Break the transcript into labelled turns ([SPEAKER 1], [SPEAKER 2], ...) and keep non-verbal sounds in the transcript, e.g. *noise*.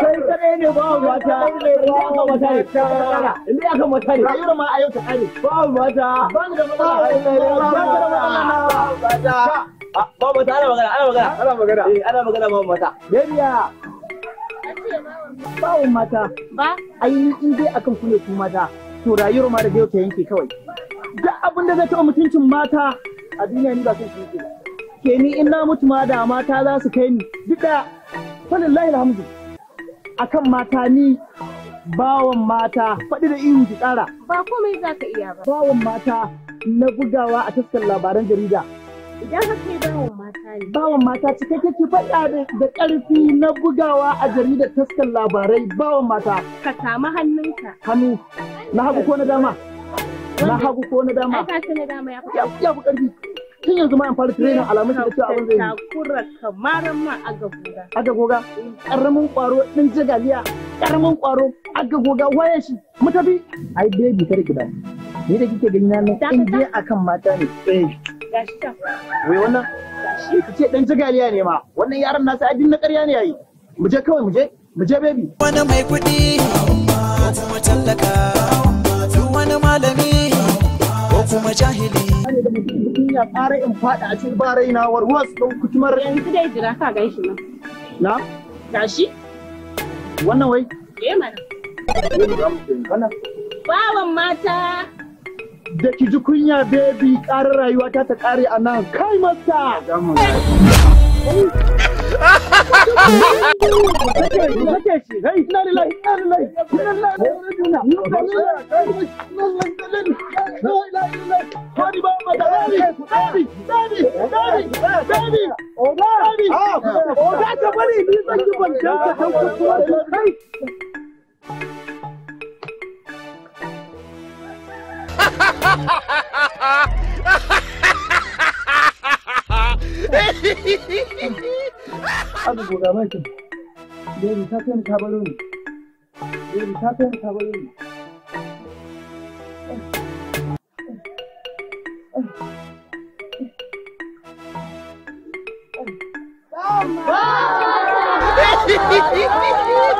[SPEAKER 1] kai kadai ne ba mata ne ba mata ne inda aka mata ne rayuwar ma ayo ta kare ba mata ban da mata ba da mata ah, ba mata ana magana ana magana ana magana eh ana magana ba mata babiya bawon mata ba ai in dai akan kune ku mata to rayuwar ma da ta yanke kawai duk abin da zai taɓa mutuncin mata a duniya ni ba san shi yake ke ni in na mutu ma da mata za su kai ni duka falillahi alhamdu akan mata ni bawan mata faɗi da ihu ki tsara. Ba komai za ka iya ba. Bawan mata na bugawa a taskar labaran jarida. Idan ka kai bawan mata ne. Bawan mata cikakke ki faɗa da ƙarfi na bugawa a jaridar taskar labarai bawan mata. Ka samu hannunka. Hannu na hagu ko na dama. Na hagu ko na dama. Ai ka na dama ya fi. Ya fi ƙarfi. kin yanzu ma an fara training alamun da cewa abin da yi takura kamaran ma aga goga aga goga karamin kwaro din jagaliya karamin kwaro agagoga, goga waye shi mu tafi ai baby kar ki ni da kike gani na nan in je akan mata ne eh gashi ta wai wannan gashi eh, kace dan jagaliya ne ma wannan yaron nasa adin na ƙarya ne yayi mu je kawai mu je mu je baby wani mai kuɗi ko kuma tallaka Kuma malami ko kuma jahili Allah ƙara in faɗa a cikin barai na warwas ɗin kutumar. Yanzu dai jira ka gan shi Na? Gashi? Wannan wai? Eh mana. Bawan mata. Da ki ji kunya bebi ƙarar rayuwa ta ta ƙare a nan kai masa. *laughs* Hadi buradan bakın. 내리 사편 가버린 내리 사편 가버른 엄마